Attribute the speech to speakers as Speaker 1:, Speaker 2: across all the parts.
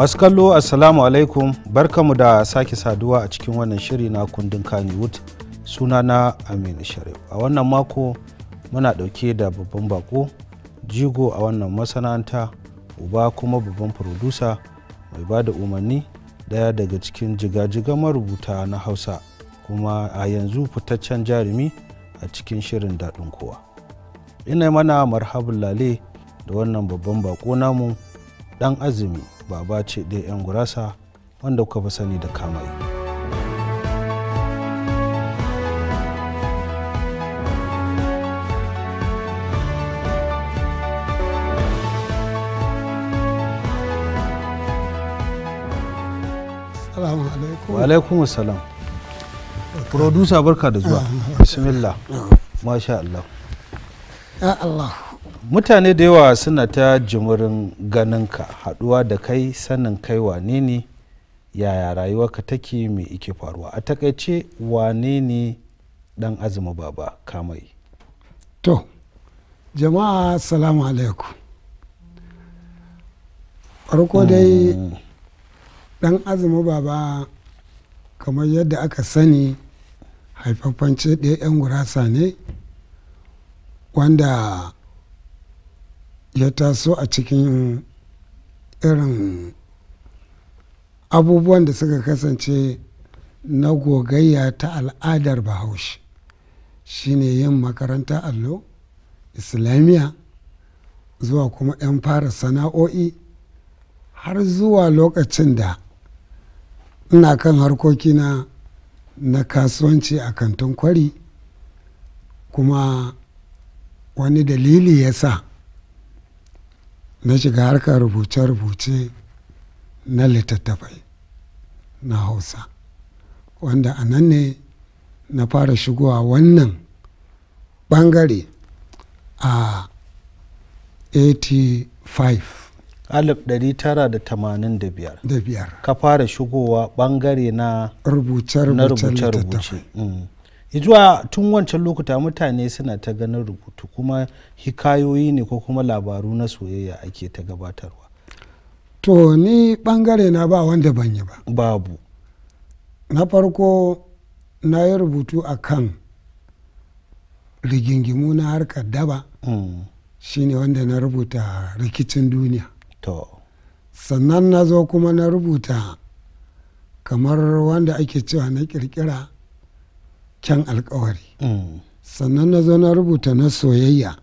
Speaker 1: masu kallo assalamu alaikum barkamu da sake saduwa a cikin wannan shiri na kundin kaniwood sunana aminu sharif a wannan mako muna dauke da babban bako jigo a wannan masana'anta uba kuma babban furodusa mai ba da umarni daya daga cikin jigajigan marubuta na hausa kuma a yanzu fitaccen jarumi a cikin shirin daɗin kowa ina mana marhabin lale da wannan babban bako namu ɗan azumi baba ce ɗaya 'yan gurasa wanda kuka fi sani da kamai wa alaikum salam producer barka da zuwa ah, ah. bismillah ah. masha Allah
Speaker 2: ya Allah
Speaker 1: mutane da yawa suna ta jimurin ganin ka haɗuwa da kai sanin kai wane ne yaya rayuwarka take mai ike faruwa a takaice wane ne dan azumi baba kamai
Speaker 2: to jama'a salamu alaikum farko hmm. dai dan azumi baba kamar yadda aka sani haifafance ɗaya 'yan gurasa ne wanda ya taso a cikin irin abubuwan da suka kasance na gogayya ta al'adar bahaushe shine yin makaranta allo islamiyya zuwa kuma 'yan fara sana'o'i har zuwa lokacin da ina kan harkokina na kasuwanci a kantin kwari kuma wani dalili ya sa na shiga harkar rubuce-rubuce na littattafai na hausa wanda a nan ne na fara shigowa wannan bangare a
Speaker 1: 85 biyar. ka fara shigowa bangare na rubuce-rubuce zuwa tun wancan lokuta mutane suna ta ganin rubutu kuma hikayoyi
Speaker 2: ne ko kuma labaru na soyayya ake ta gabatarwa to ni bangare na ba wanda ban yi ba babu na farko na yi rubutu a kan rigingimu na harkar daba mm. shine wanda na rubuta rikicin duniya to sannan na zo kuma na rubuta kamar wanda ake cewa na kirkira can alkawari mm. sannan na zo na rubuta na soyayya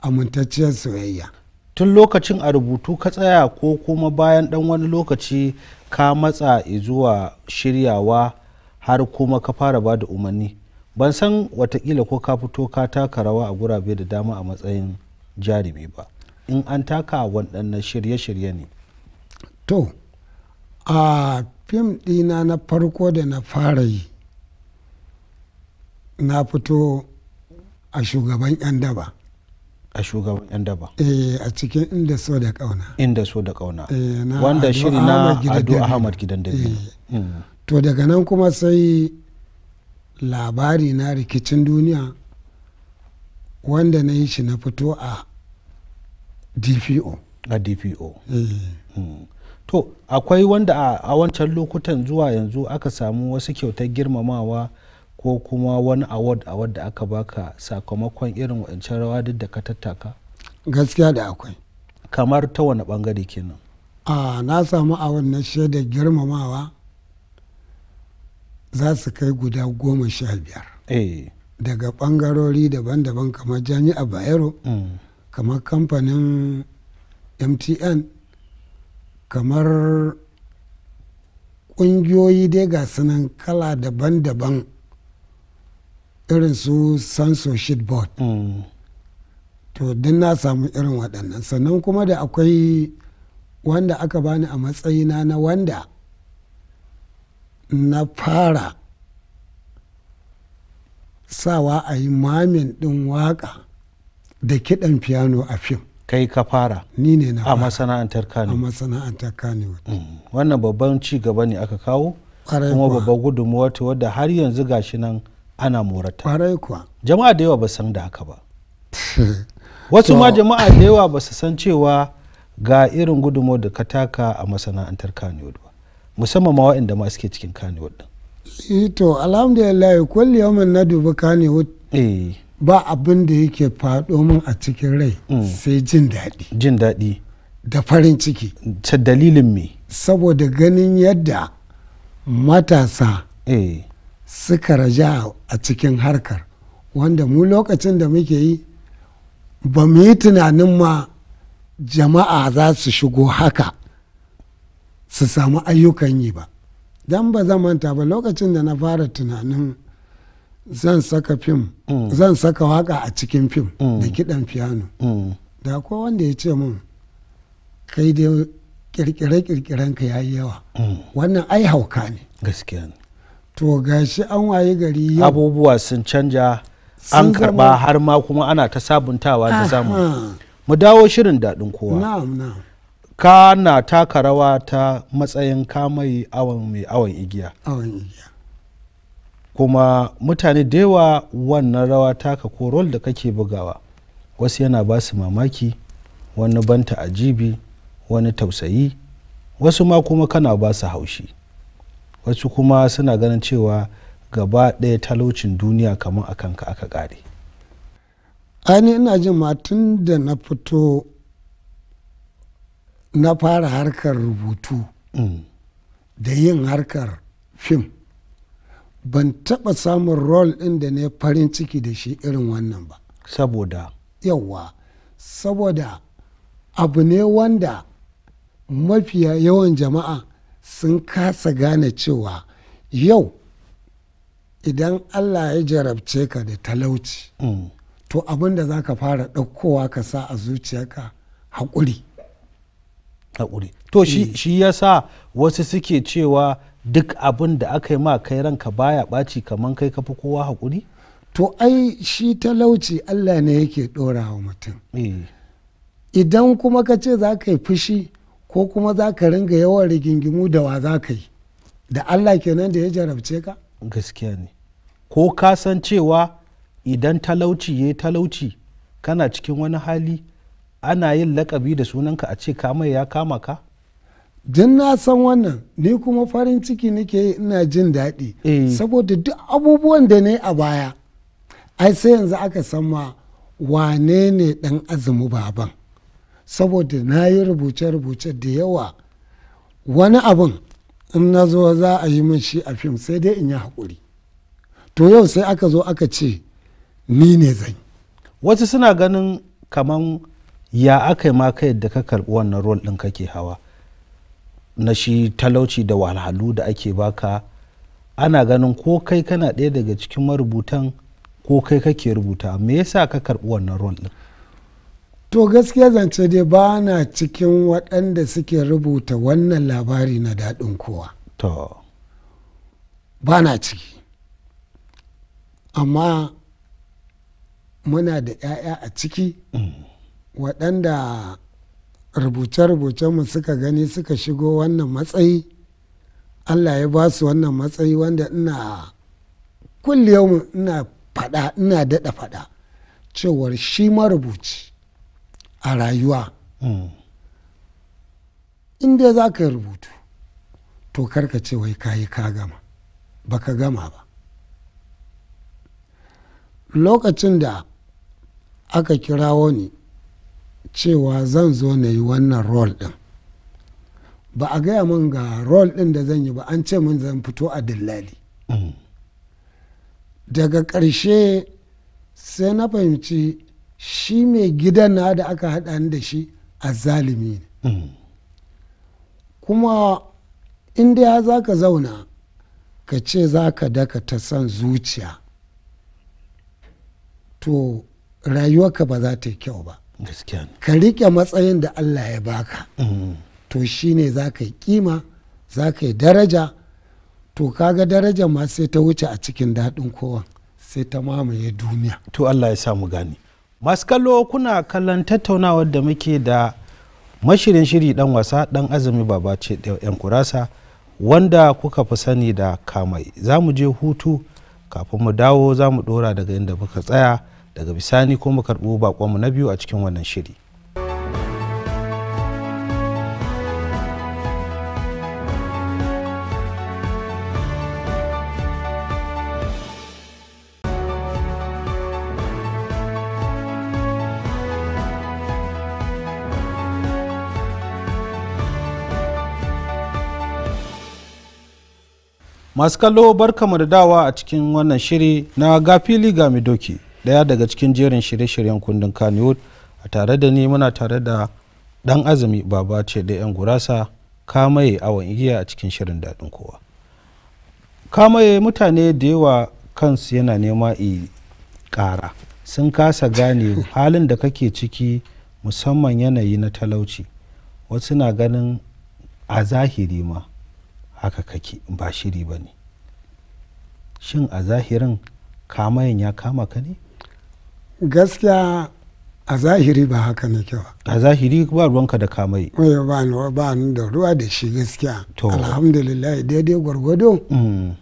Speaker 2: amintacciyar soyayya
Speaker 1: tun lokacin a rubutu ka tsaya ko kuma bayan dan wani lokaci ka matsa zuwa shiryawa har kuma ka fara ba da umarni ban san watakila ko ka fito ka taka rawa a gurabe da dama a matsayin
Speaker 2: jarumi ba in an taka waɗannan shirye-shirye ne to a fim ɗina na farko da na fara yi na fito a shugaban 'yan daba a shugaban 'yan daba eh a cikin inda so da kauna inda so da kauna eh, wanda shiri na ado ahmad gidan da biyu. Eh. Hmm. to daga nan kuma sai labari na rikicin duniya wanda na yi shi na fito a dpo
Speaker 1: a dpo
Speaker 2: eh. hmm. to akwai
Speaker 1: wanda a wancan lokutan zuwa yanzu aka samu wasu kyautar girmamawa ko kuma wani award a wadda aka baka sakamakon irin wancan rawa duk da ka tattaka gaskiya da akwai kamar ta wani bangare kenan
Speaker 2: a na samu award na shaidar girmamawa za su kai guda goma sha biyar eh. daga bangarori daban-daban kamar jami'a bayero mm. kamar kamfanin mtn kamar kungiyoyi dai ga sunan kala daban-daban irin su censorship board to din na samu irin waɗannan sannan kuma da akwai wanda aka bani a matsayina na wanda na fara sawa a yi mamin ɗin waƙa da kiɗan fiyano a fim kai ka fara ni ne na a masana'antar kano a masana'antar kano mm. wannan
Speaker 1: babban ci gaba ne aka kawo kuma babban gudunmuwa wadda har yanzu gashi nan ana morata kuwa jama'a da yawa ba san da haka ba wasu ma jama'a da yawa ba su san cewa ga irin gudumo da ka taka a masana'antar kanewood ba musamman ma waɗanda ma suke cikin
Speaker 2: kanewood din eh to alhamdulillah kulli yawmin na dubi kanewood eh. ba abin da yake faɗo min a cikin rai mm. sai jin daɗi jin daɗi da farin ciki ta dalilin me saboda ganin yadda matasa eh. suka raja a cikin harkar wanda mu lokacin da muke yi ba mu yi tunanin ma jama'a za su shigo haka su samu ayyukan yi ba don ba manta ba lokacin da na fara tunanin zan saka fim mm. zan saka waka a cikin fim mm. da kidan fiyano mm. da ko wanda ya ce min kai dai kirkire-kirkiren ka yi yawa wannan ai hauka ne gaskiya ne to gashi an waye gari abubuwa sun canja an karba
Speaker 1: har ma kuma ana ta sabuntawa da zamu mu dawo shirin daɗin kowa ka na taka rawa ta matsayin kamai awon mai awon igiya kuma mutane da yawa wannan rawa taka ko rol da kake bugawa wasu yana ba su mamaki wani banta ajibi wani tausayi wasu ma kuma kana ba su haushi wasu kuma suna ganin cewa gaba ɗaya talaucin
Speaker 2: duniya kamar a kanka aka ƙare ainihin ina jin matun da na fito na fara harkar rubutu mm. da yin harkar fim ban taɓa samun rol ɗin da ne farin ciki da shi irin wannan ba saboda yawa saboda abu ne wanda mafiya yawan jama'a sun kasa gane cewa yau idan allah ya jarabce ka da talauci mm. to abin da za ka fara ɗaukowa ka sa a zuciyarka haƙuri haƙuri to eh. shi ya sa wasu
Speaker 1: suke cewa duk abin da aka yi ma kai ranka baya ɓaci kamar kai kafi kowa
Speaker 2: haƙuri to ai shi talauci allah ne yake ɗora wa mutum eh. idan kuma ka ce za ka yi fushi ko kuma za ka ringa yawan rigingimu da wa za ka yi da allah kenan da ya jarabce ka
Speaker 1: gaskiya ne ko ka san cewa idan talauci ya yi talauci kana cikin wani hali ana yin lakabi da sunanka a ce kamai ya kama ka
Speaker 2: jin na san wannan ni kuma farin ciki nake ina jin daɗi eh. saboda duk abubuwan da ne a baya ai sai yanzu aka san ma wane ne ɗan azumi baban saboda na yi rubuce-rubuce da yawa wani abin in na zo za a yi min shi a fim sai dai in yi haƙuri to yau sai aka zo aka ce ni ne zai. wasu suna ganin kaman
Speaker 1: ya aka yi ma ka yadda ka karɓi wannan rol ɗin kake hawa na shi talauci da wahalhalu da ake baka ana ganin ko kai kana ɗaya daga cikin marubutan
Speaker 2: ko kai kake rubuta me yasa ka karɓi wannan rol ɗin to gaskiya zance dai ba na cikin waɗanda suke rubuta wannan labari na daɗin kowa to ba na ciki amma muna da 'ya'ya a ciki mm. waɗanda rubuce rubuce mu suka gani suka shigo wannan matsayi allah ya ba su wannan matsayi wanda ina kullum ina faɗa ina daɗa faɗa cewar shi marubuci a rayuwa hmm. in dai za ka rubutu to karka ce wai ka yi ka gama ba ka gama ba lokacin da aka kirawo ni cewa zan zo na yi wannan rol ɗin ba a gaya min ga rol ɗin da zan yi ba an ce min zan fito a dillali hmm. daga ƙarshe sai na fahimci shi mai gidan na da aka haɗa ni da shi zalimi ne mm. kuma inda ya za ka zauna ka ce za ka daka ta son zuciya to rayuwarka ba za ta yi kyau ba ka riƙe matsayin da allah ya baka mm. to shi ne za ka yi kima za ka yi daraja to kaga daraja ma sai ta wuce a cikin daɗin kowa
Speaker 1: sai ta mamaye duniya to allah ya samu gani masu kallo kuna kallon tattaunawar da muke da mashirin shiri dan wasa dan azumi baba ce yan kurasa wanda kuka fi sani da kamai za mu je hutu kafin mu dawo za mu dora daga inda muka tsaya daga bisani ko mu karɓo bakonmu na biyu a cikin wannan shiri masu kallo barkamu da dawa a cikin wannan shiri na gafili ga doki daya daga cikin jerin shirye-shiryen kundin kaniwood a tare da ni muna tare da dan azumi baba ce da yan gurasa kamaye awon igiya a cikin shirin daɗin kowa kamaye mutane da yawa kansu yana nema i ƙara sun kasa gane halin da kake ciki musamman yanayi na talauci wasu na ganin a zahiri ma haka kake ba shiri ba ne shin a zahirin
Speaker 2: kamayan ya kama ka ne gaskiya a zahiri ba haka ne kyau
Speaker 1: a zahiri ba ruwanka da kamai
Speaker 2: ba ba ni da ruwa da shi gaskiya alhamdulillah daidai gwargwado mm.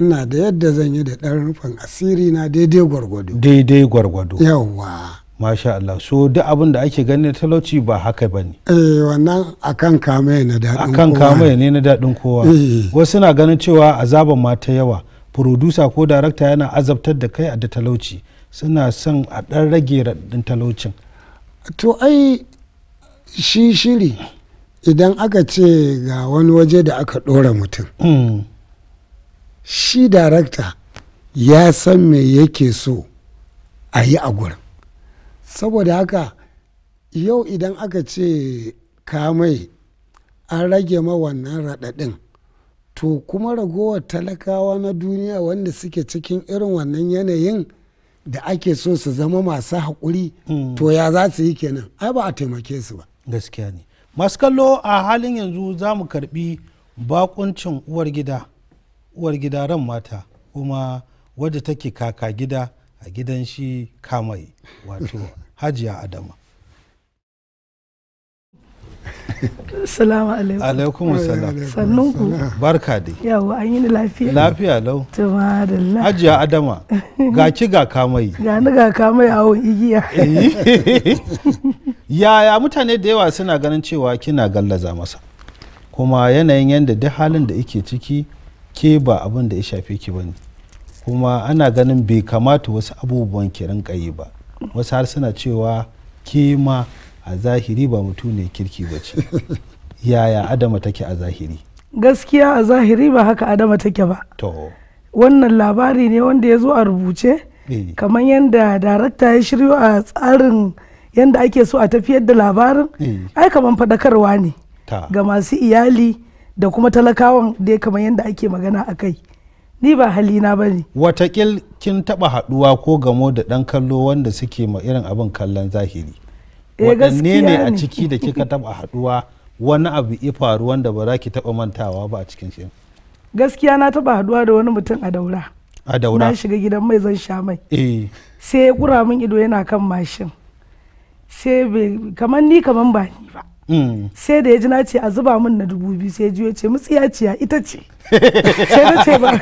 Speaker 2: ina da yadda zan yi da ɗan rufin asiri na daidai gwargwado
Speaker 1: daidai gwargwado yawwa masha Allah so duk abin da ake ganin talauci ba haka ba ne
Speaker 2: eh wannan akan kame ne na daɗin kowa akan kama
Speaker 1: ne na daɗin kowa eh. wasu na ganin cewa azaban ma ta yawa producer ko darakta yana azabtar
Speaker 2: da kai da talauci suna son a ɗan rage raɗin talaucin to ai shi shiri idan aka ce ga wani waje da aka ɗora mutum hmm. shi darakta ya san me yake so a yi a gurin saboda haka yau idan aka ce kamai an rage ma wannan raɗaɗin to kuma ragowar talakawa na duniya wanda suke cikin irin wannan yanayin da ake so su zama masu haƙuri hmm. to ya za su yi kenan ai ba a taimake su ba gaskiya ne masu kallo a halin yanzu za mu karbi
Speaker 1: bakuncin uwar gida uwar gida ran mata kuma wadda take kaka gida a gidan shi kamai wato hajiya adama
Speaker 3: salamu alaikum alaikum salam sannun ku barka dai yawo an yi lafiya lafiya lau tuma hajiya
Speaker 1: adama ga ki ga kamai
Speaker 3: ga ni ga kamai awon igiya
Speaker 1: yaya mutane da yawa suna ganin cewa kina gallaza masa kuma yanayin yadda duk halin da yake ciki ke ba abin da ya shafe ki bane kuma ana ganin bai kamata wasu abubuwan ki rinka yi ba wasu har suna cewa kima ma a zahiri ba mutu ne kirki ba ce yaya adama take a zahiri
Speaker 3: gaskiya a zahiri ba haka adama take ba wannan labari ne wanda ya zo a rubuce kamar yadda darakta ya shiryo a tsarin yadda ake so a tafiyar da labarin ai kamar faɗakarwa ne ga masu iyali da kuma talakawan dai kamar yadda ake magana a kai ni ba halina ba ne
Speaker 1: watakil kin taba haduwa ko gamo da dan kallo wanda suke ma irin abin kallon zahiri eh, waɗanne ne a ciki da kika taba haduwa wani abu ya faru wanda ba za ki taba mantawa ba a cikin shi
Speaker 3: gaskiya na taba haduwa da wani mutum a daura
Speaker 1: a daura na shiga
Speaker 3: gidan mai zan sha mai eh. sai ya kura min ido yana kan mashin sai kamar ni kamar ba ni ba sai da ya ji na ce a zuba min na dubu biyu sai ji ya ce ciya ita ce sai na ce ba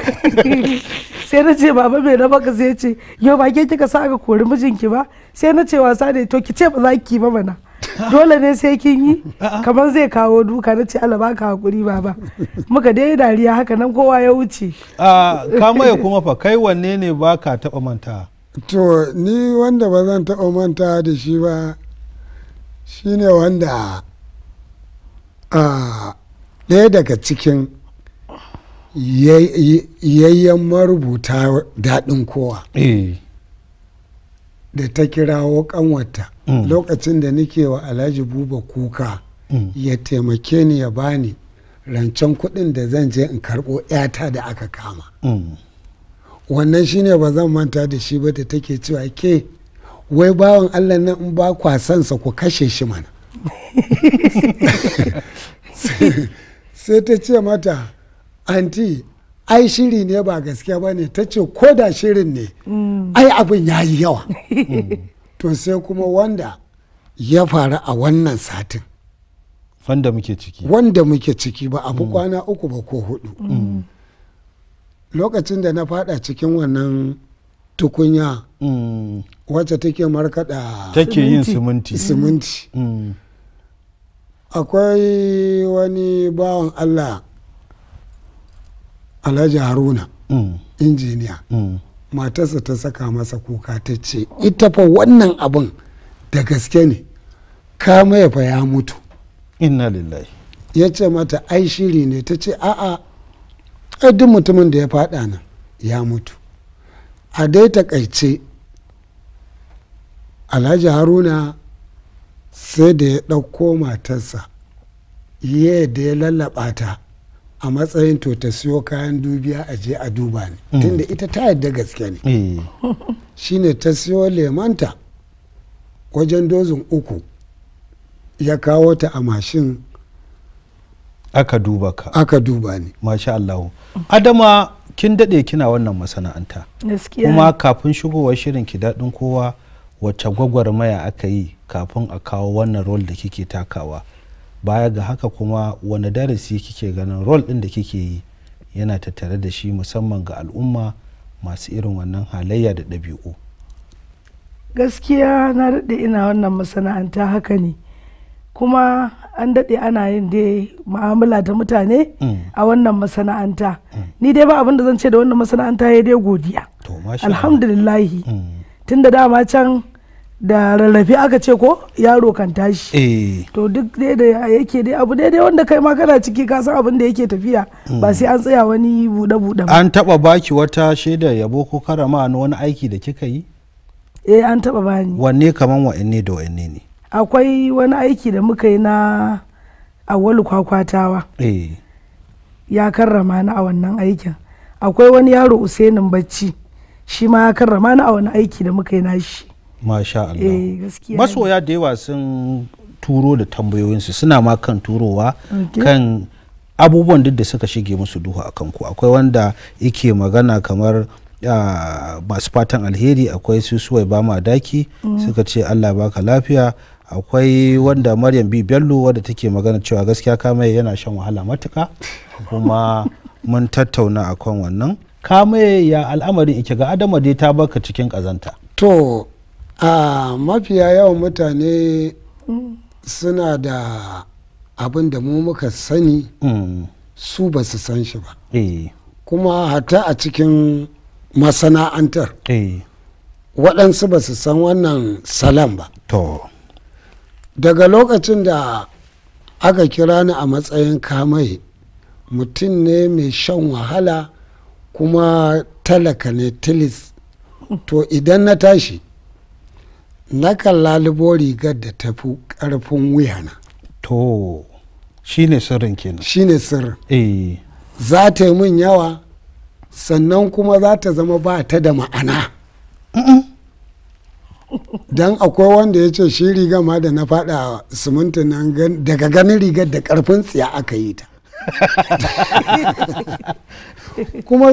Speaker 3: sai na ce baba mai na baka sai ce yau ba ke kika sa aka kori mijinki ba sai na ce wasa ne to ki ce ba za ki ba mana dole ne sai kin yi kamar zai kawo duka na ce alaba ka hakuri baba
Speaker 2: muka dai dariya haka nan kowa ya wuce
Speaker 1: kama ya kuma fa kai wanne ne ba ka
Speaker 2: taba manta to ni wanda ba zan taba manta da shi ba shine wanda a ɗaya daga cikin yayyan marubuta daɗin kowa eh. da ta kirawo ƙanwata mm. lokacin da nake wa alhaji buba kuka mm. ya taimake ni ya bani rancen kuɗin da zan je in karɓo 'yata da aka kama mm. wannan shine ba zan manta da shi ba da take cewa ke wai bawan allah nan in ba kwasansa ku kashe shi mana sai ta ce mata anti ai shiri ne ba gaskiya ba ne ta ce ko da shirin ne mm. ai abin ya yi yawa to sai kuma wanda ya faru a wannan satin wanda muke ciki wanda muke ciki ba abu mm. kwana uku ba ko hudu mm. lokacin da na fada cikin wannan tukunya wacce take markada take yin siminti siminti akwai wani bawan allah alhaji haruna mm. injiniya mm. matarsa ta saka masa kuka ta ce ita fa wannan abin da gaske ne kamaya fa ya mutu inna lillahi ya ce mata ai shiri ne ta ce a'a duk mutumin da ya faɗa nan ya mutu a dai takaice alhaji haruna sai da ya ɗauko matarsa ya da ya lallaba ta a matsayin to ta siyo kayan dubiya a je a duba ne mm. tunda ita ta yadda gaske ne eh. shine ta siyo lemanta wajen dozin uku ya kawo ta a mashin
Speaker 1: aka duba
Speaker 2: ka aka duba
Speaker 1: ni masha allahu adama kin dade kina wannan masana'anta kuma kafin shigowar shirin ki dadin kowa wacce gwagwarmaya aka yi kafin a kawo wannan rol da kike takawa baya ga haka kuma wani darasi kike ganin rol ɗin da kike yi yana tattare da shi musamman ga al'umma masu irin wannan halayya da ɗabi'u
Speaker 3: gaskiya na daɗe ina wannan masana'anta haka ne kuma an daɗe ana yin dai ma'amala da mutane mm. a wannan masana'anta mm. ni dai ba abin da zan ce da wannan masana'anta ya dai godiya alhamdulillahi mm. tun da dama can da rarrafe aka ce ko yaro kan tashi eh. to duk dai da yake dai abu daidai wanda kai ma kana ciki ka san abin da yake tafiya mm. ba sai an tsaya wani bude bude an
Speaker 1: taba baki wata shaida yabo ko karama na wani aiki da kika yi
Speaker 3: eh an taba bani
Speaker 1: wanne kaman wa'anne da wa'anne ne
Speaker 3: akwai wani aiki da muka yi na awwal kwakwatawa eh ya karrama na a wannan aikin akwai wani yaro usainin bacci shi ma ya karrama na a wani aiki da muka yi na shi
Speaker 1: masha Allah
Speaker 3: eh, masoya
Speaker 1: da yawa sun turo da tambayoyinsu suna ma kan turowa kan abubuwan duk da suka shige musu duhu a kanku akwai wanda yake magana kamar ah, masu fatan alheri akwai su suwai ba ma daki mm. suka ce allah baka lafiya akwai wanda maryam bi bello wadda take magana cewa gaskiya mai yana shan wahala matuka kuma mun tattauna akan wannan kamaye ya al'amarin ike ga adama dai ta baka cikin kazanta
Speaker 2: to a mafiya yawan mutane suna da abin da mu muka sani mm. su ba su san shi ba eh. kuma hata a cikin masana'antar eh. waɗansu ba su san wannan salam ba daga lokacin da aka kira ni a matsayin kamai mutum ne mai shan wahala kuma talaka ne tilis to idan na tashi na lalubo rigar da ta tafi ƙarfin wuyana to shine sirrin kenan shine sirrin eh za ta yi min yawa sannan kuma za ta zama ba ta da ma'ana don akwai wanda ya ce shi riga ma da na fada siminti nan daga ganin rigar da karfin tsiya aka yi ta kuma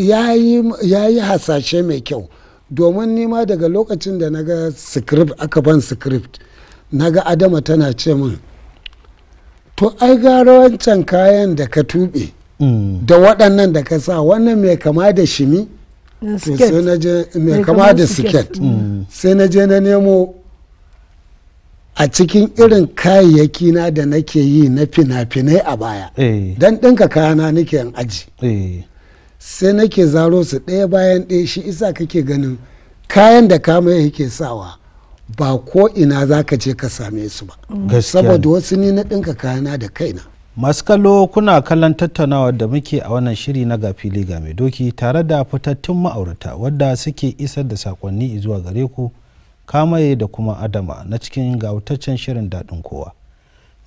Speaker 2: ya yi hasashe mai kyau domin nima daga lokacin da naga ga script aka ban script na ga adama tana ce min to ai gara wancan kayan da ka tuɓe mm. da waɗannan da ka sa wannan mai kama da shimi mai kama da siket mm. sai na je na nemo a cikin irin kayayyaki na da nake yi na fina-finai a baya eh. don ɗinka kayana nake yin aji eh. sai nake zaro su ɗaya bayan ɗaya shi isa kake ganin kayan da kama yake sawa ba ko ina za ka je ka same su ba saboda wasu ni na ɗinka kayana da kaina masu kallo kuna kallon
Speaker 1: tattaunawa da muke a wannan shiri na ga fili ga mai doki tare da fitattun ma'aurata wadda suke isar da sakonni zuwa gare ku kamaye da kuma adama na cikin gautaccen shirin daɗin kowa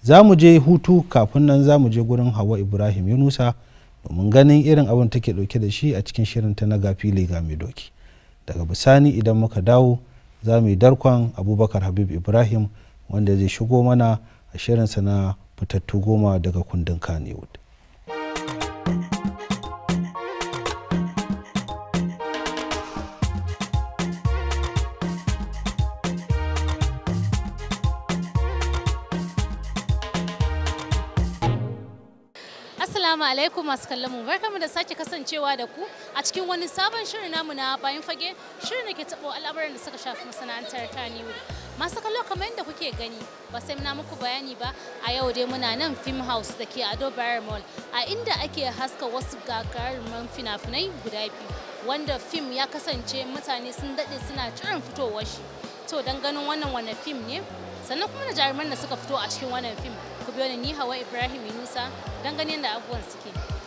Speaker 1: za mu je hutu kafin nan za mu je gurin hawa ibrahim yunusa domin ganin irin abin take dauke da shi a cikin shirin ta na gafi ga mai doki daga bisani idan muka dawo za mu yi darkon abubakar habib ibrahim wanda zai shigo mana a shirinsa na fitattu goma daga kundin kannywood
Speaker 4: alaikum masu kallon mu barkamu da sake kasancewa da ku a cikin wani sabon shirin namu na bayan fage shirin da ke tabo al'amuran da suka shafi masana'antar ta niwu Masu kallo kamar yadda kuke gani ba sai muna muku bayani ba a yau dai muna nan film house da ke Ado Bayar Mall a inda ake haska wasu gagarumin fina-finai guda biyu wanda fim ya kasance mutane sun daɗe suna cirin fitowar shi. To don ganin wannan wani fim ne sannan kuma da jaruman da suka fito a cikin wannan fim ku biyo ni hawa ibrahim yunusa don ganin da abubuwan suke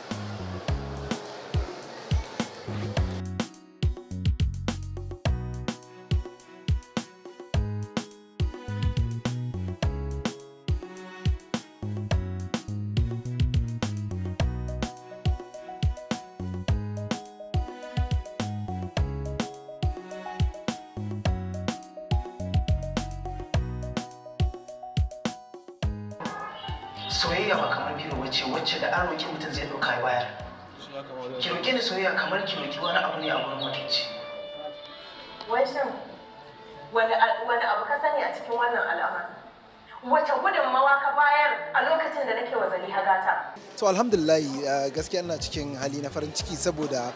Speaker 1: to alhamdulillahi uh, gaskiya ina cikin hali na farin ciki saboda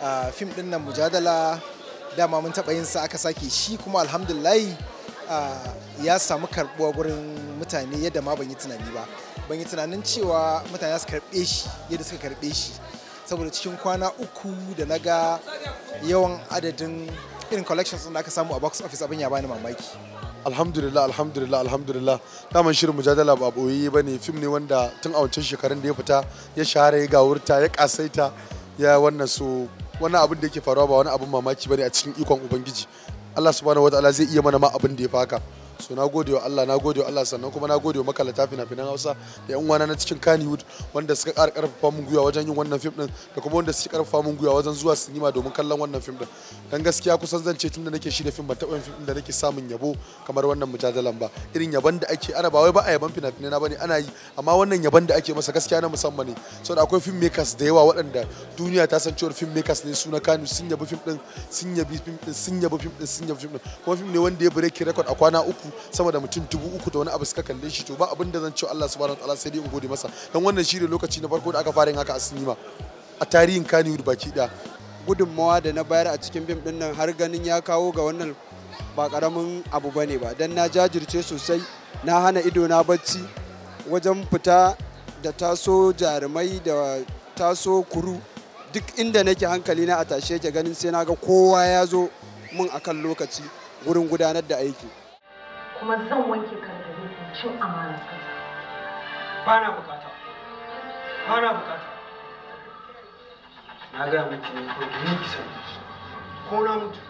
Speaker 1: uh, fim din nan mujadala dama mun taɓa yin sa aka sake shi kuma alhamdulillahi uh, ya samu karbuwa gurin mutane yadda ma ban yi tunani ba ban yi tunanin cewa mutane su karɓe shi yadda suka karɓe shi saboda cikin kwana uku da na ga yawan adadin irin collections da aka samu a box office abin ya bani mamaki alhamdulillah alhamdulillah alhamdulillah daman shirin mujadala ba boyi ba ne fim ne wanda tun a wancan shekarun da ya fita ya share ya gawurta ya kasaita ya wannan so wani abin da yake faruwa ba wani abin mamaki ba ne a cikin ikon ubangiji allah subhanahu wataala zai iya mana ma abin da ya faka so na gode wa Allah na gode wa Allah sannan kuma na gode wa makalata fina-finan Hausa da yan uwana na cikin Kannywood wanda suka ƙara ƙarfafa mun gwiwa wajen yin wannan fim din da kuma wanda suka ƙarfafa mun gwiwa wajen zuwa sinima domin kallon wannan fim din dan gaskiya kusan zan ce tunda nake shi da fim ba taɓa fim din da nake samun yabo kamar wannan mujadalan ba irin yaban da ake ana ba wai ba a yaban fina-finai na bane ana yi amma wannan yaban da ake masa gaskiya na musamman ne saboda akwai film makers da yawa waɗanda duniya ta san cewar film makers ne su na Kano sun yabi fim din sun yabi fim din sun yabi fim din sun yabi fim din kuma fim ne wanda ya break record a kwana uku sama da mutum dubu uku da wani abu suka kalle shi to ba abin da zan ce Allah subhanahu wataala sai dai in gode masa dan wannan ne lokaci na farko da aka fara yin haka a sinima a tarihin Kannywood baki da gudunmawa da na bayar a cikin fim din nan har ganin ya kawo ga wannan ba karamin abu bane ba dan na jajirce sosai na hana ido na bacci wajen fita da taso jarumai da taso kuru duk inda nake hankali na a tashe ke ganin sai na ga kowa ya zo mun akan lokaci gurin gudanar da aiki
Speaker 3: kuma zan wanke ka da rufin cin amana kasa ba na bukata ba na bukata
Speaker 2: na ga miki ne ko domin ki ko na mutu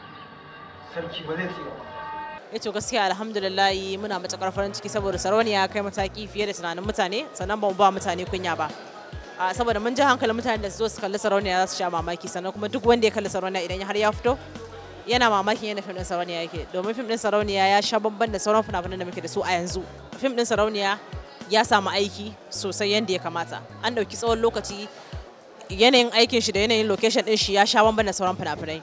Speaker 2: sarki ba zai tsira ba ya
Speaker 4: eh ce gaskiya alhamdulillah muna matakar farin ciki saboda sarauniya kai mataki fiye da tunanin mutane sannan ba mu ba mutane kunya ba ah, saboda mun ji hankalin mutane da su zo su kalli sarauniya za su sha mamaki sannan kuma duk wanda ya kalli sarauniya idan har ya fito yana mamakin yadda fim din sarauniya yake domin fim din sarauniya ya sha bamban da sauran fina-finan da muke da su a yanzu fim din sarauniya ya samu aiki sosai yadda ya kamata an ɗauki tsawon lokaci yanayin aikin shi da yanayin location din shi ya sha bamban da sauran fina-finai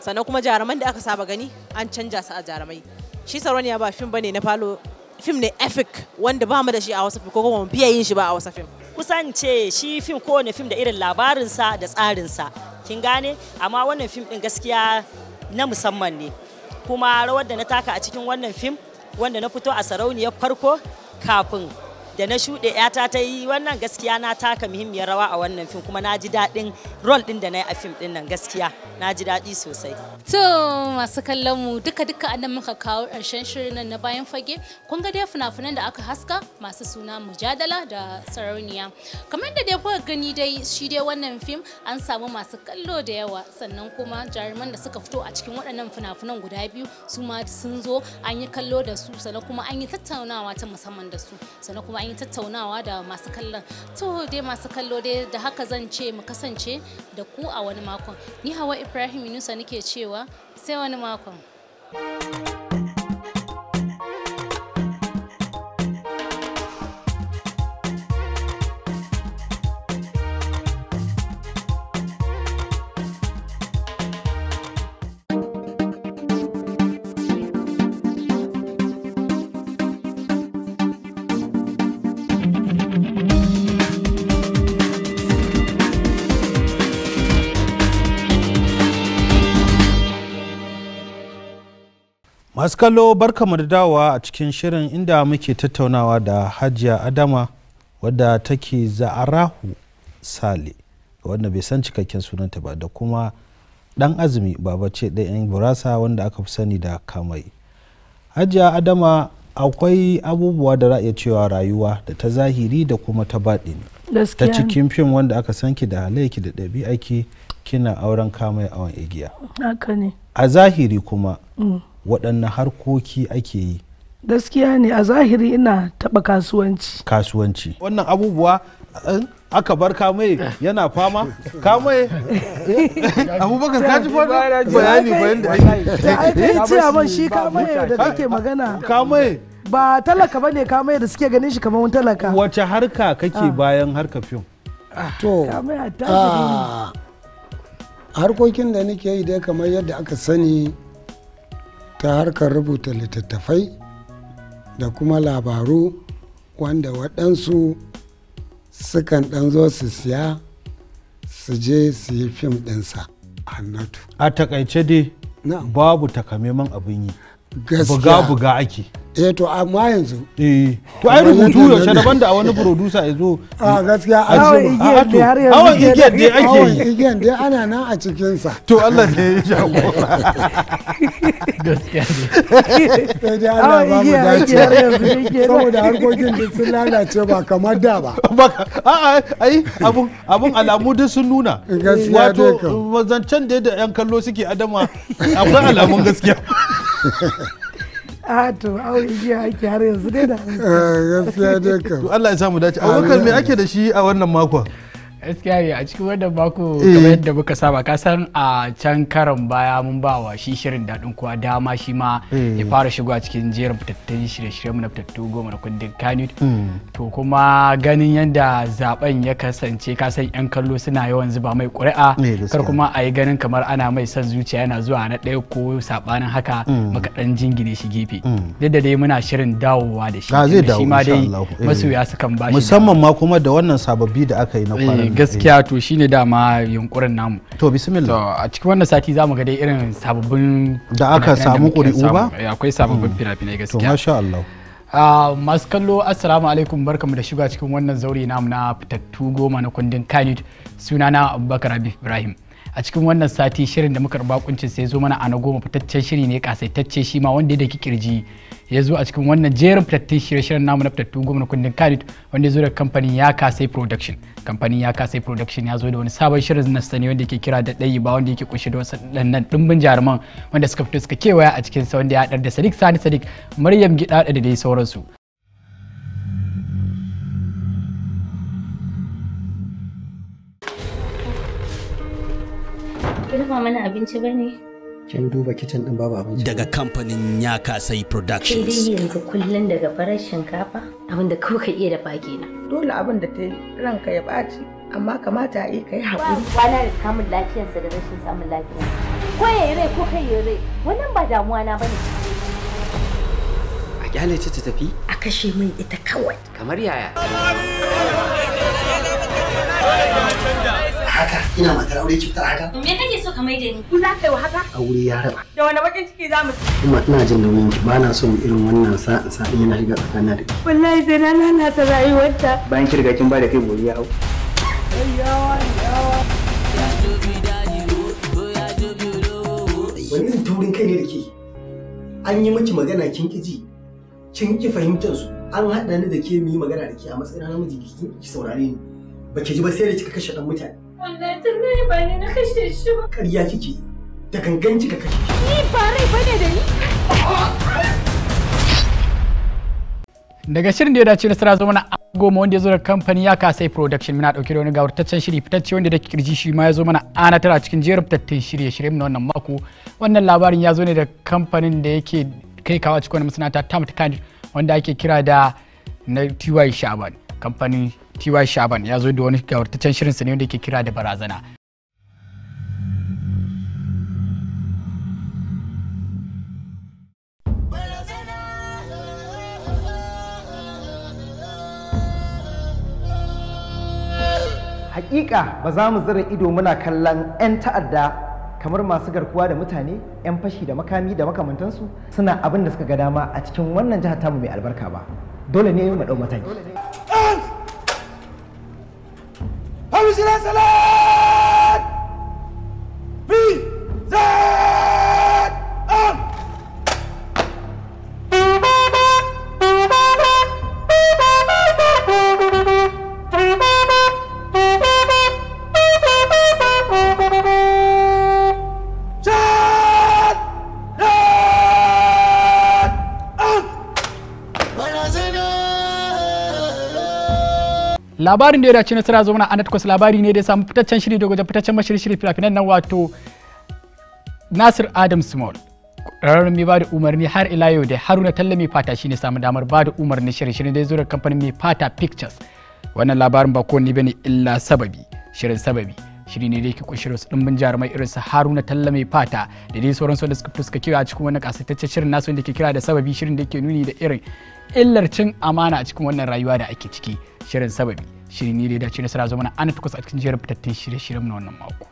Speaker 4: sannan kuma jaruman da aka saba gani an canja su a jarumai shi sarauniya ba fim bane na falo fim ne epic wanda ba mu da shi a wasu fim ko kuma fiye yin shi ba a wasu fim kusan shi fim kowane fim da irin labarinsa da tsarinsa kin gane amma wannan fim din gaskiya
Speaker 3: na musamman ne kuma rawar da na taka a cikin wannan fim wanda na fito a sarauniyar farko kafin da na shuɗe yata ta yi wannan gaskiya na taka muhimmiyar rawa
Speaker 4: a wannan fim kuma na ji daɗin rol ɗin da na yi a fim ɗin nan gaskiya na ji daɗi sosai. To masu kallon mu duka duka an nan muka kawo ƙarshen shirin nan na bayan fage kun ga dai fina-finan da aka haska masu suna mujadala da sarauniya. Kamar da dai kuka gani dai shi dai wannan fim an samu masu kallo da yawa sannan kuma jaruman da suka fito a cikin waɗannan fina-finan guda biyu su ma sun zo an yi kallo da su sannan kuma an yi tattaunawa ta musamman da su sannan kuma yi tattaunawa da masu kallon to dai masu kallo dai da haka zan ce mu kasance da ku a wani makon ni hawa ibrahim yunusa nake cewa sai wani makon thank you
Speaker 1: masu kallo barkamu da dawowa a cikin shirin inda muke tattaunawa da hajiya adama wadda take za'arahu sale wadda bai san cikakken sunanta ba da kuma dan azumi baba ce ɗayan burasa wanda aka fi sani da kamai hajiya adama akwai abubuwa da ra'ayi cewa rayuwa da ta zahiri da kuma ta baɗini ta cikin fim wanda aka san ki da halayyaki da ɗabi'aki kina auren kamai wani igiya a zahiri kuma mm. waɗanne harkoki ake yi
Speaker 3: gaskiya ne a zahiri ina taɓa kasuwanci kasuwanci wannan abubuwa eh, aka bar
Speaker 1: kamai yana fama kamai eh, abubakar ka ji fara bayani bayan da ake ce abin shi kamai da kake
Speaker 3: magana kamai ba talaka ba ne kamai da suke ganin shi kamar talaka wace
Speaker 1: harka kake ah. bayan harka fim
Speaker 2: to ah, ah, harkokin da nake yi dai kamar yadda aka sani ta harkar rubuta littattafai da kuma labaru wanda waɗansu sukan ɗan zo su siya su je su yi fim ɗinsa hannatu a takaice dai babu takamaiman abin yi buga-buga ake eh to amma yanzu
Speaker 1: eh to ai rubutu yaushe daban da a wani producer ya zo ah, a gaskiya a hawan igiyar dai ake hawan
Speaker 2: igiyar dai ana nan a cikin sa to Allah ne ya ko
Speaker 5: gaskiya ne
Speaker 2: dai Allah ba mu dace saboda harkokin da sun lalace ba kamar da ba a ai abun
Speaker 1: abun alamu duk sun nuna wato zancen da yan kallo suke adama akwai alamun gaskiya
Speaker 3: a to jiya har yanzu dai da eh, gaskiya dai
Speaker 1: kam Allah ya samu dace abubakar me ake da shi a wannan makon
Speaker 6: gaskiya ne a cikin wannan mako eh. kamar yadda muka saba ka san a can karan baya mun ba wa shi shirin daɗin kuwa dama shi ma eh. ya fara shigo a cikin jerin fitattun shirye-shiryen mu na fitattu goma na kundin kanut hmm. to kuma ganin yadda zaben ya kasance ka san yan kallo suna yawan zuba mai ƙuri'a eh, kar kuma a yi ganin kamar ana mai son zuciya yana zuwa na ɗaya ko saɓanin haka maka hmm. ɗan jingine shi gefe hmm. duk da dai muna shirin dawowa da shi ah, shi ma dai masoya sukan ba shi musamman ma
Speaker 1: kuma da wannan sababbi da aka yi na kwanan Eh, gaskiya
Speaker 6: to shine dama yunkurin namu to bismillah a cikin wannan sati zamu ga dai irin sababbin da aka samu ƙuri'u ba eh, akwai sababbin mm. fina-finai gaskiya to masha Allah ah, masu kallo assalamu alaikum barkamu da shiga cikin wannan zaure namu na fitattu goma na kundin kanid sunana abubakar abi ibrahim a cikin wannan sati shirin da muka rubakuncin sai zo mana a na goma fitaccen shiri ne kasaitacce shi ma wanda ya da kirji ya zo a cikin wannan jerin fitattun shirye-shiryen namu na fitattun gwamna kundin kadit wanda ya zo daga kamfanin ya kasai production kamfanin ya kasai production ya zo da wani sabon shirin na sani wanda yake kira da ɗayi ba wanda yake kunshi da wasu ɗannan ɗumbin jaruman wanda suka fito suka kewaya a cikin sa wanda ya haɗar da sadiq sani sadiq maryam gida da dai sauransu
Speaker 4: Ki mana abinci bane?
Speaker 1: kin duba kitchen din babu abinci daga kamfanin ya kasai productions sai dai yanzu
Speaker 4: kullun daga farar shinkafa abinda kawai ka iya dafa kenan dole abin da ta ranka ya baci amma kamata a yi kai haƙuri kwana da samun lafiyarsa da rashin samun lafiya ko ya yi rai ko kai ya rai wannan ba damuwa na bane
Speaker 6: a kyale ta ta tafi a
Speaker 4: kashe min ita kawai kamar yaya haka ina matar aure cutar haka to me kake so ka maida ni ku za ka yi haka aure ya raba da wani bakin ciki za mu
Speaker 2: kuma ina jin nauyin ki ba na son irin wannan sa'a sa'a yana shiga
Speaker 3: tsakanin da ki wallahi sai na lalata rayuwarta
Speaker 6: bayan ki riga kin ba da kai godiya hau yawa yawa
Speaker 3: wani zan taurin kai ne da ke an yi miki magana kin ki ji kin ki fahimtar su an haɗa ni da ke mu yi magana da ke a matsayin namiji ki saurare ni ba ki ji ba sai da kika kashe ɗan mutane
Speaker 4: Wallahi tallahi ba ni na kashe shi ba. Ƙarya
Speaker 3: kike da gangan ka kashe
Speaker 5: shi. Ni ba rai ne da ni.
Speaker 6: Daga shirin da ya dace na sara zo na goma wanda ya zo da kamfani ya kasai production muna dauke da wani gawurtaccen shiri fitacce wanda da kirji shi ma ya zo mana ana tara cikin jerin fitattun shirye shirye na wannan mako wannan labarin ya zo ne da kamfanin da yake kai kawa cikin wani masana ta matakan wanda ake kira da na TY Shaban kamfanin ty shaban ya zo da wani gawartaccen shirinsa ne wanda ke kira da barazana
Speaker 3: hakika ba za mu zira ido muna kallon 'yan ta'adda kamar masu garkuwa da mutane 'yan fashi da makami da makamantansu suna abin da suka ga dama a cikin wannan jihar tamu mai albarka ba dole ne mu ɗau mataki
Speaker 6: labarin da ya dace na sira zo mana labari ne da ya samu fitaccen shiri daga wajen fitaccen mashirshiri fina-finan nan wato nasir adam small ƙwararren mai bada umarni har ila yau da haruna talla mai fata shine samu damar bada umarni shirin shirin da ya zo da kamfanin mai fata pictures wannan labarin ba ko kowanne bane illa sababi shirin sababi shiri ne da yake kunshi da wasu dimbin jarumai irin su Haruna Talla mai fata da dai sauransu da suka fuska kira a cikin wannan kasataccen shirin nasu da ke kira da sababi shirin da ke nuni da irin illar cin amana a cikin wannan rayuwa da ake ciki shirin sababi shiri ne da ya dace na zama na an takwas a cikin jerin fitattun shirye-shiryen na wannan mako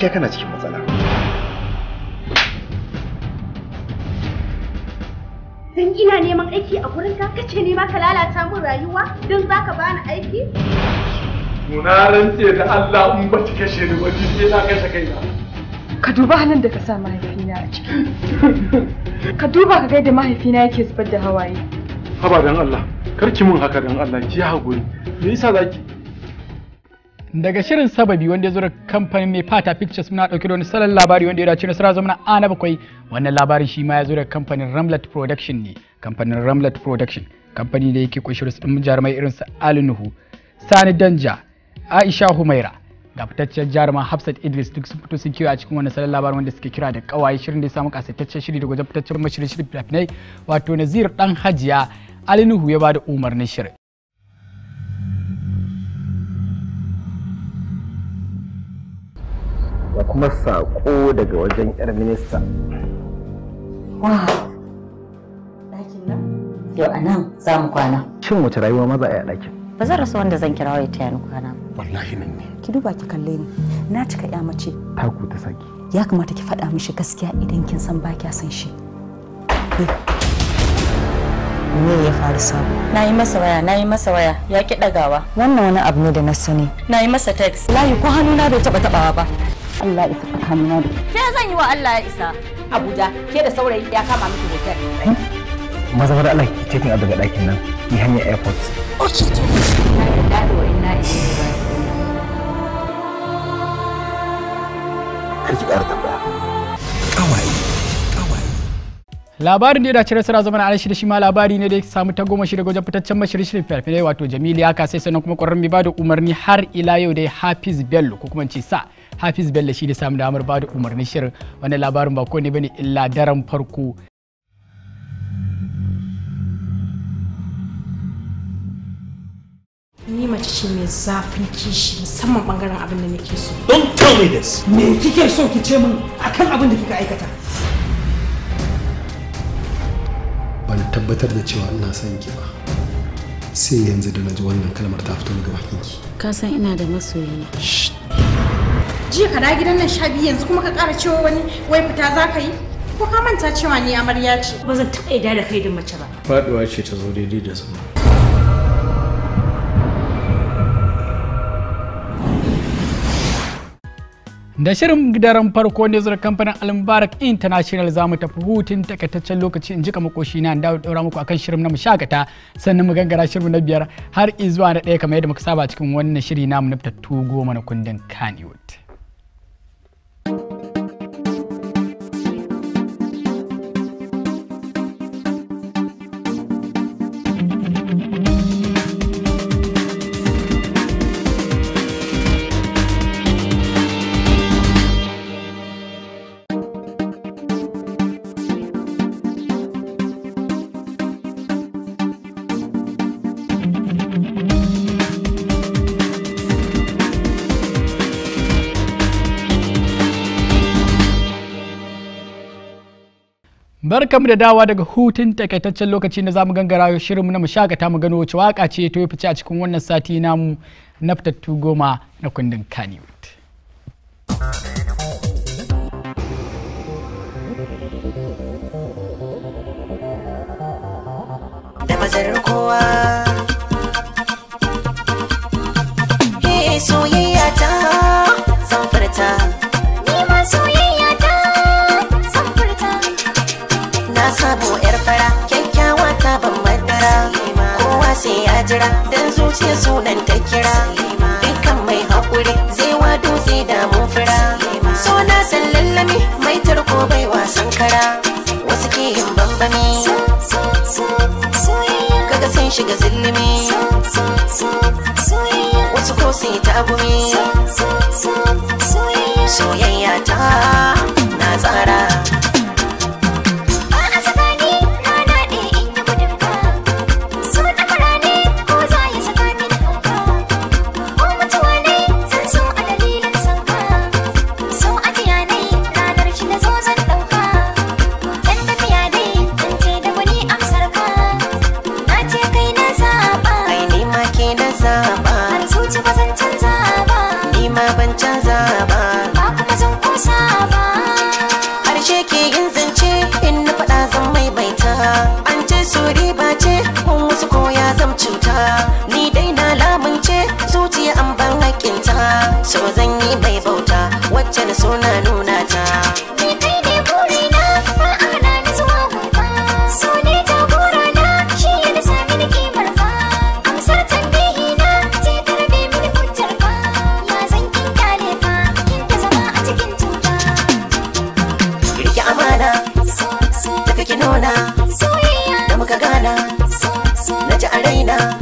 Speaker 4: gaskiya kana cikin matsala dan ina neman aiki a gurin ka kace ne ma ka lalata min rayuwa dan zaka bani aiki
Speaker 3: na rantse da Allah in ba ki kashe ni ba sai na kashe kaina
Speaker 4: ka duba halin da ka sa mahaifina a ciki ka duba ka ga da mahaifina yake zubar da hawaye
Speaker 1: haba dan Allah kar ki mun haka dan Allah ki
Speaker 6: haƙuri me yasa zaki daga shirin sababi wanda ya zo da kamfanin mai fata pictures muna dauke da wani salon labari wanda ya dace na sura zamana ana bakwai wannan labarin shi ma ya zo da kamfanin ramlet production ne kamfanin ramlet production kamfani da yake kunshi da jarumai irin su ali nuhu sani danja aisha humaira ga fitaccen jaruman hafsat idris duk sun fito sun kiwa a cikin wani salon labarin wanda suke kira da kawai shirin da ya samu kasaitaccen shiri da wajen fitaccen mashirin shirin fina wato nazir dan hajiya ali nuhu ya bada umarnin shirin
Speaker 4: da kuma saƙo daga wajen 'yar minista. ɗakin nan? Yau a nan za mu kwana. Shin wace rayuwa maza a ɗakin? Ba zan rasa wanda zan kira ya taya ni kwana. Wallahi nan ne. Ki duba ki kalle ni. Na cika ya mace.
Speaker 5: Taku ta saki.
Speaker 4: Ya kamata ki faɗa mishi gaskiya idan kin san ba kya san shi.
Speaker 5: me ya faru sabo
Speaker 4: na yi masa waya na yi masa waya ya ki ɗagawa wannan wani abu ne da na sani na yi masa text layi ko hannuna bai taɓa taɓawa ba Allah isa tsakanina da ke zan yi wa Allah ya isa Abuja ke da saurayi ya kama miki
Speaker 5: hotel hmm?
Speaker 3: maza fara Allah ki cikin daga ɗakin nan ki hanyar airport oh
Speaker 6: labarin da ya dace sara zama na alashi da shi ma labari ne da ya samu ta goma shida wajen fitaccen mashirin shirin fiyarfinai wato jamilu ya kasai sannan kuma ƙwararren mai ba da umarni har ila yau dai hafiz bello ko kuma ce sa hafiz bello shi ne samu damar ba da umarnin shirin wannan labarin ba ko ne bane illa daren farko
Speaker 4: ni mace ce mai zafin kishi musamman bangaren abin da nake so
Speaker 1: don't tell me this me
Speaker 4: kike so ki ce min akan abin da kika aikata
Speaker 1: ban tabbatar da cewa ina son ki ba sai yanzu da na
Speaker 5: ji wannan kalmar ta fito daga bakin ki
Speaker 4: ka san ina da masoyi jiya ka da gidan nan sha biyu yanzu kuma ka ƙara cewa wani wai fita za ka yi ko ka manta cewa ni amarya ce ba zan taɓa yarda da kai da mace ba
Speaker 6: faɗuwa ce ta zo daidai da zama da shirin daren farko ne zuwa kamfanin almubarak international za mu tafi hutun takaitaccen lokaci in jika makoshi na da daura muku akan shirin na mu shakata sannan mu gangara shirin na biyar har izuwa na ɗaya kamar yadda muka saba cikin wannan shiri namu na fitattu goma na kundin kaniwood barkamu da dawa daga hutun takaitaccen lokaci na zamu gangara shirinmu na mu mu gano wace waka ce to fice a cikin wannan sati namu na fitattu goma na kundin Kannywood.
Speaker 5: kowa, eh, soyayya jira dan zuciya dan ta kira dukkan mai haƙuri zai wa dutse da mun fira na san lallami mai tarko bai wasan kara wasu ke yin bambami kaga sun shiga zillimi wasu ko sai ta gumi soyayya ta na tsara Kinona nuna da muka gana na ji a raina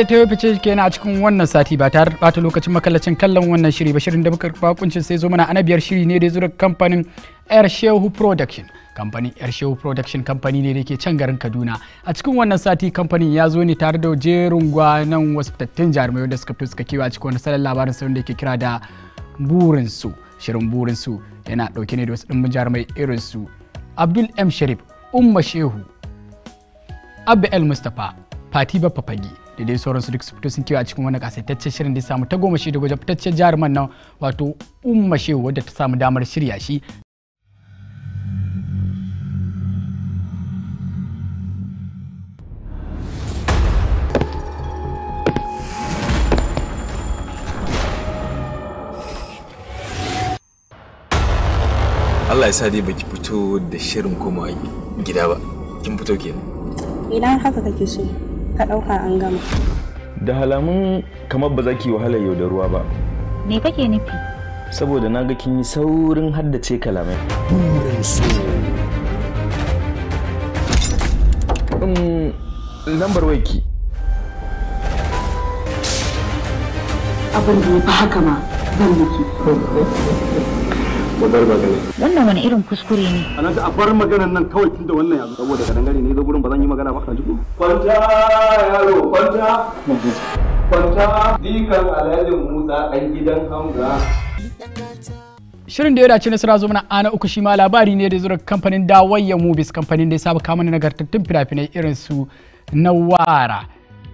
Speaker 6: da ta fice kenan a cikin wannan sati ba tare bata lokacin makalacin kallon wannan shiri ba shirin da muka bakuncin sai zo mana anabiyar shiri ne da zura kamfanin Air Shehu Production. Kamfanin Air Shehu Production kamfani ne da ke can garin Kaduna. A cikin wannan sati kamfanin ya zo ne tare da jerin gwanan wasu fitattun jarumai da suka fito suka kewa a cikin wani salon labarin sauran da ke kira da su Shirin su yana dauke ne da wasu ɗimbin jarumai su Abdul M. Sharif, Umma Shehu, Abba El Mustapha, ba fafage da dai sauransu duk su fito sun kewa a cikin wani kasaitaccen shirin da ya samu ta goma shi da wajen fitaccen jaruman nan wato umma shehu wadda ta samu damar shirya shi Allah ya sa dai baki fito da shirin komawa gida ba kin fito kenan
Speaker 4: ina haka kake so ka ɗauka an gama
Speaker 3: da halamun kamar ba za ki wahala yau da ruwa ba
Speaker 4: me kake nufi
Speaker 3: saboda na ga kin yi saurin haddace kalamai
Speaker 4: Um, so lambar waiki abin da ya fi haka ma zan miki
Speaker 5: bar magana
Speaker 3: wannan wani irin kuskure ne A nan a bar maganan nan kawai tun da wannan yanzu saboda kadangare ne zo gurin ba zan yi magana ba ka ji ko kwanta yaro kwanta
Speaker 1: kwanta dikan alhaji musa dan gidan hamza
Speaker 6: Shirin da ya dace nasara zo mana ana uku shi ma labari ne da zura kamfanin Dawayya Movies kamfanin da ya saba kamar nagartattun fina-finai irin su Nawara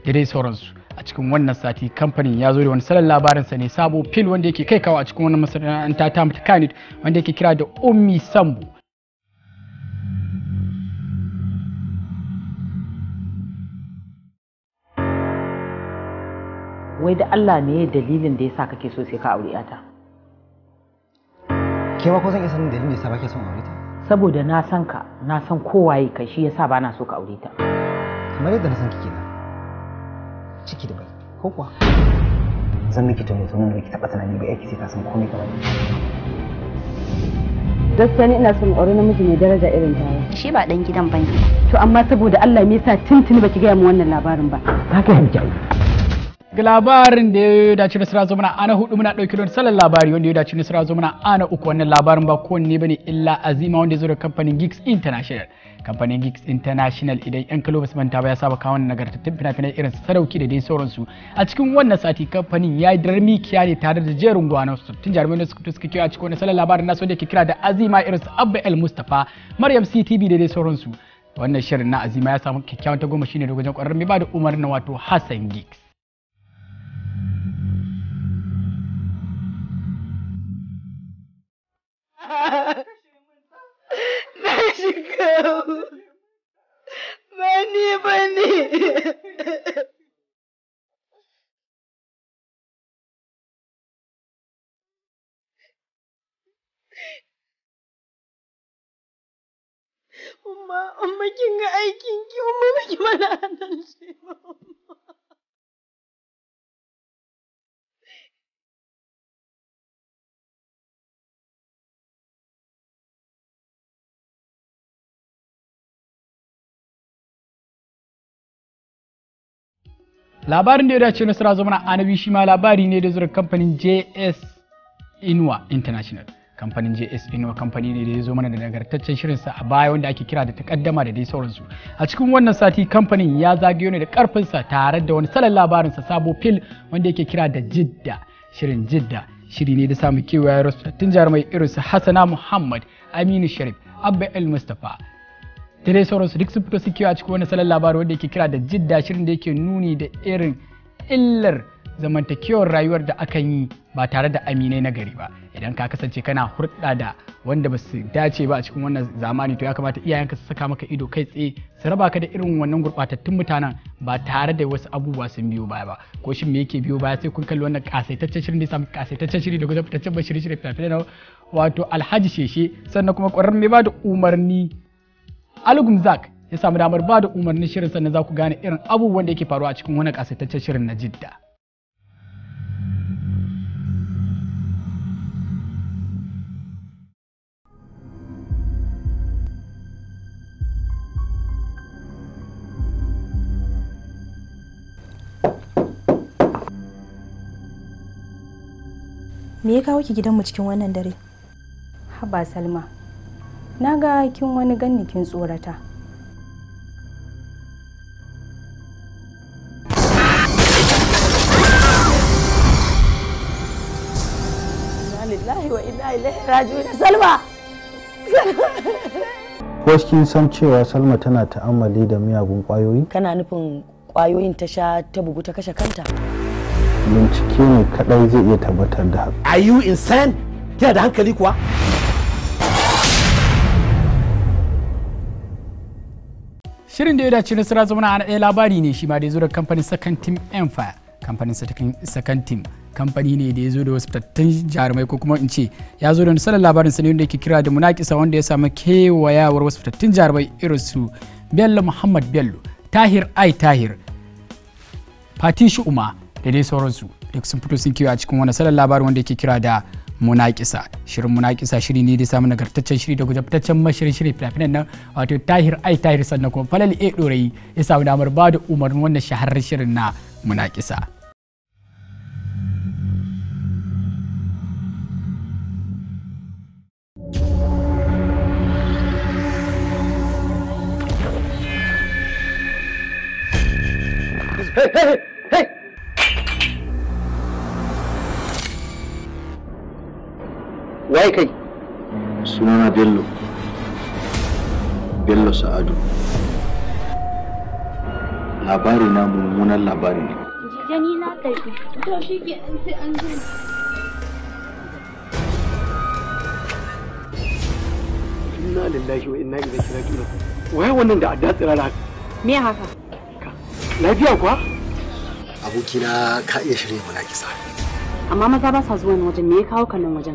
Speaker 6: da dai sauransu. cikin wannan sati kamfanin ya zo da wani salon labarinsa ne sabo fil wanda yake kai kawo a cikin wannan masana'anta ta mutakanit wanda yake kira da ummi sambu
Speaker 4: wai da Allah ne dalilin da yasa kake so sai ka aure ta ke ba ko zan iya sanin dalilin da sa ba ke son aure ta saboda na san ka na san kowaye ka shi sa ba na so ka aure ta kamar yadda na san kike na ciki da bai ko kuwa zan miki tuni tunan da ki taɓa tunani ba yake sai san komai kamar gaskiya ni ina son aure namiji mai daraja irin tawa shi ba dan gidan bane to amma saboda Allah me yasa tuntuni baki gaya mu wannan labarin ba
Speaker 5: ka ga hanji
Speaker 6: ga labarin da ya dace da sira mana ana hudu muna dauki don salon labari wanda ya dace da sira mana ana uku wannan labarin ba kowanne bane illa azima wanda ya zo da kamfanin Gigs International kamfanin Geeks International idan yan kalo manta ba ya saba kawo nagartattun fina-finai irin sadauki da dai sauransu a cikin wannan sati kamfanin ya yi kiya ne tare da jerin gwana su tun jarumin da suka suka a cikin wani salon labarin nasu da ke kira da Azima irin su Abba El mustapha Maryam CTV da dai sauransu wannan shirin na Azima ya samu kyakkyawan tagomashi ne da wajen ƙwararren mai ba da umarnin wato Hassan Geeks
Speaker 5: je kau. Mana
Speaker 1: Umma,
Speaker 6: umma jangan ai umma bagaimana anak saya, umma. labarin da ya dace nasara na anabi shi ma labari ne da zura kamfanin js inuwa international kamfanin js inuwa kamfani ne da ya zo mana da nagartaccen shirinsa a baya wanda ake kira da takaddama da dai sauransu a cikin wannan sati kamfanin ya zagayo ne da karfinsa tare da wani salon labarinsa sabo fil wanda yake kira da jidda shirin jidda shiri ne da samun kewaye rasu tun jarumai irinsu hassana muhammad aminu sharif abba el mustapha da dai sauransu duk sun fito su cikin wani salon labarai wanda yake kira da jidda shirin da yake nuni da irin illar zamantakewar rayuwar da aka yi ba tare da aminai na gari ba idan ka kasance kana hurɗa da wanda ba su dace ba a cikin wannan zamani to ya kamata iyayenka su saka maka ido kai tsaye su raba ka da irin wannan gurɓatattun mutanen ba tare da wasu abubuwa sun biyo baya ba ko shin me yake biyo baya sai kun kalli wannan kasaitaccen shirin da ya samu kasaitaccen shiri da gudanar fitaccen bashirin shirye shirye fitafitai na wato alhaji sheshe sannan kuma ƙwararren mai ba da umarni Zak ya samu damar ba da umarnin shirin sannan za ku gane irin abubuwan da yake faruwa a cikin wani kasaitaccen shirin na jidda
Speaker 4: me ya kawo ki gidanmu cikin wannan dare haba salma naga kin wani ganni kin tsorata
Speaker 3: ko
Speaker 1: Wasu kin san cewa Salma tana ta'ammali da miyagun kwayoyi?
Speaker 3: Kana nufin kwayoyin ta sha ta bugu ta kashe kanta?
Speaker 1: Bincike ne kadai zai iya tabbatar da haka.
Speaker 3: Are you insane?
Speaker 6: Kina da hankali kuwa? shirin da ya dace nasara zama na ɗaya labari ne shi ma da ya zo da kamfanin second team empire kamfanin second team kamfani ne da ya zo da wasu fitattun jarumai ko kuma in ce ya zo da nasarar labarin sa ne wanda yake kira da munakisa wanda ya samu kewayawar wasu fitattun jarumai irin su bello muhammad bello tahir ai tahir fatishu umar da dai sauransu duk sun fito sun kewa a cikin wani nasarar labarin wanda yake kira da munakisa shirin munakisa shiri ne da samu nagartaccen shiri da gujabtaccen mashirin shiri fina-finan nan wato tahir ai tahir sannan kuma falal e dorayi ya samu damar ba da umarnin wannan shaharar shirin na munakisa
Speaker 5: Hey, hey, hey, hey!
Speaker 1: waye kai sunana bello bello sa'adu labari na mummunan labari ne
Speaker 4: jijjani na karfi to shi ke an sai an
Speaker 6: inna lillahi wa inna ilaihi raji'un waye wannan da adda tsirara haka me haka lafiya kuwa abokina ka iya shirya mana kisa
Speaker 4: amma maza ba sa zuwa wajen me ya kawo ka wajen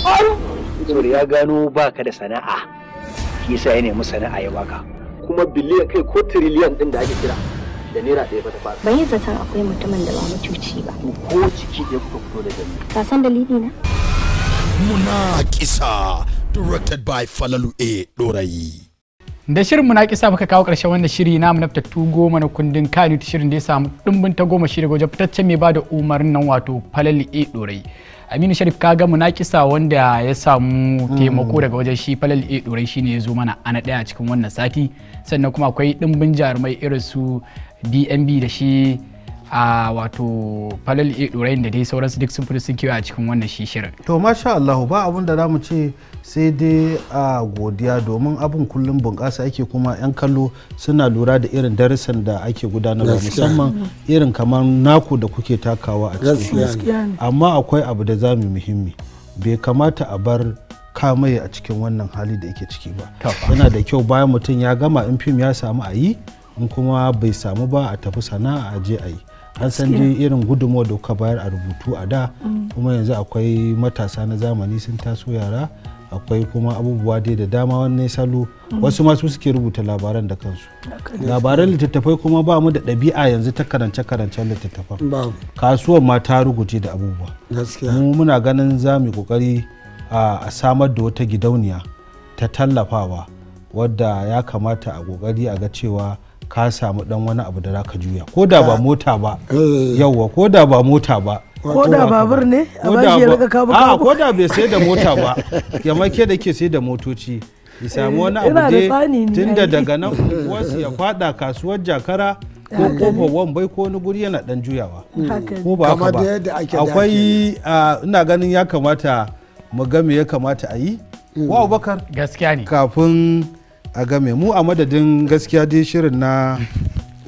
Speaker 3: saboda ya gano baka da sana'a shi sa ya nemi sana'a ya baka kuma biliyan kai ko tiriliyan din da ake kira da naira ɗaya ba ta fara
Speaker 5: ban yi zaton akwai mutumin da ba mutuci ba
Speaker 3: ko ciki ɗaya kuka fito da gani
Speaker 5: ka san dalili na muna
Speaker 1: kisa directed by falalu a dorayi
Speaker 6: da shirin muna kisa muka kawo karshen wannan shiri na munafta tu goma na kundin kanu shirin da ya samu dimbin ta goma shi daga wajen fitaccen mai bada umarnin nan wato falali a dorayi aminu sharif ka ga kisa wanda ya samu hmm. taimako daga wajen shi falal e durai shine ya zo mana ana daya cikin wannan sati sannan kuma akwai dimbin jarumai irin su dmb da shi a wato falal e da dai sauransu duk sun fito sun kewa a cikin wannan shishirin.
Speaker 1: To masha Allah ba abun da mu ce sai dai a godiya domin abin kullum bunƙasa ake kuma 'yan kallo suna lura da irin darasin da ake gudanarwa musamman irin kamar naku da kuke takawa a cikin amma akwai abu da zamu muhimmi bai kamata a bar kamaye a cikin wannan hali da yake ciki ba yana da kyau bayan mutum ya gama in fim ya samu a yi in kuma bai samu ba a tafi sana'a a je a yi an san ji irin gudunmawar da kuka bayar a rubutu a da mm. kuma yanzu akwai matasa na zamani sun taso yara akwai kuma abubuwa dai da dama wannan salo mm. wasu masu suke rubuta labaran da kansu labaran littattafai kuma ba mu da ɗabi'a yanzu ta karance karancen littattafan kasuwar ma ta ruguje da abubuwa mu muna ganin za mu kokari a samar da wata gidauniya ta tallafawa wadda ya kamata a kokari a ga cewa ka samu dan wani abu da zaka juya ko da ba mota ba eh. yawwa ko da ba mota ba ko da
Speaker 3: babur ne a ba shi kabu ko da bai sai da mota ba
Speaker 1: ya make da ke sai da motoci
Speaker 3: ya samu wani abu
Speaker 1: dai tunda daga nan wasu ya kwada kasuwar jakara ko kofar wambai ko wani guri yana dan juyawa ko ba haka ba akwai ina ganin ya kamata mu ga me ya kamata a yi mm. wa abubakar gaskiya ne kafin a game mu a madadin gaskiya dai shirin na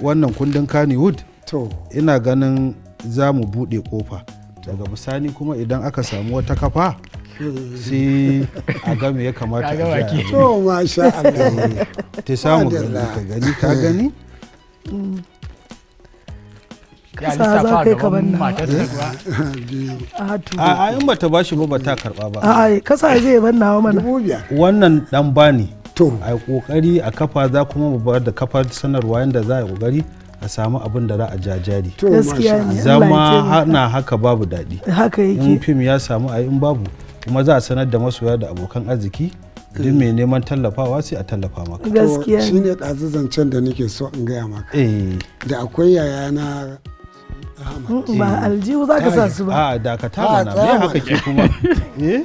Speaker 1: wannan kundin kannywood to ina ganin za mu buɗe kofa daga bisani kuma idan aka samu wata kafa sai a game ya kamata a to masha Allah eh, ta samu ka gani ka gani kasa za kai ka banna a in bata bashi ba bata karba ba a kasa zai banna wa mana wannan dan bani to a yi kokari a kafa za kuma mu ba da kafar sanarwa yadda za a yi kokari a samu abin da za a jajari zama na haka babu daɗi in fim ya samu a in babu kuma za a sanar da masoya da abokan arziki duk mai neman tallafawa sai a tallafa maka gaskiya
Speaker 2: shine ɗazu zancen da nake so in gaya maka eh. da akwai yayana ba eh, aljihu za ka sa su
Speaker 1: ba a ah, dakata mana me haka ke kuma eh?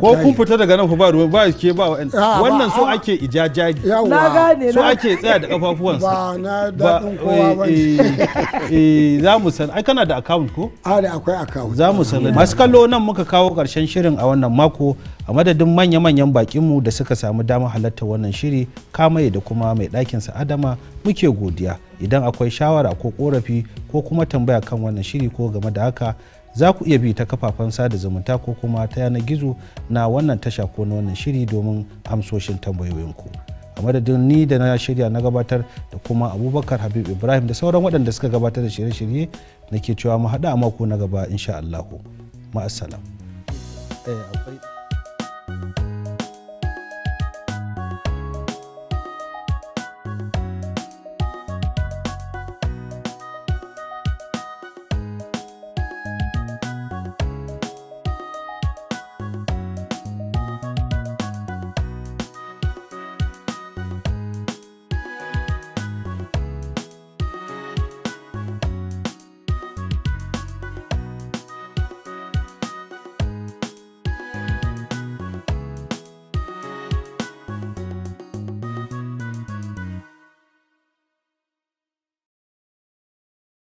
Speaker 1: ko kun fita daga nan ba ruwa ba ke ba ah, wannan so ake ijajagi na gane so ake tsaya da kafafuwan ba
Speaker 2: na dadin kowa eh, ba
Speaker 1: eh za mu san ai kana da account ko a ah, da akwai account za mu san masu kallo nan muka kawo karshen shirin a wannan mako a madadin manya-manyan bakinmu da suka samu damar halarta wannan shiri kamaye da kuma mai ɗakinsa adama muke godiya idan akwai shawara ko korafi ko kuma tambaya kan wannan shiri ko game da haka za ku iya bi ta kafafen sada zumunta ko kuma ta yanar gizo na wannan tasha ko na wannan shiri domin amsoshin tambayoyinku a madadin ni da na shirya na gabatar da kuma abubakar habib ibrahim da sauran waɗanda suka gabatar da shirye-shirye nake cewa mu haɗa a mako na gaba insha allahu ma'assalam eh, thank you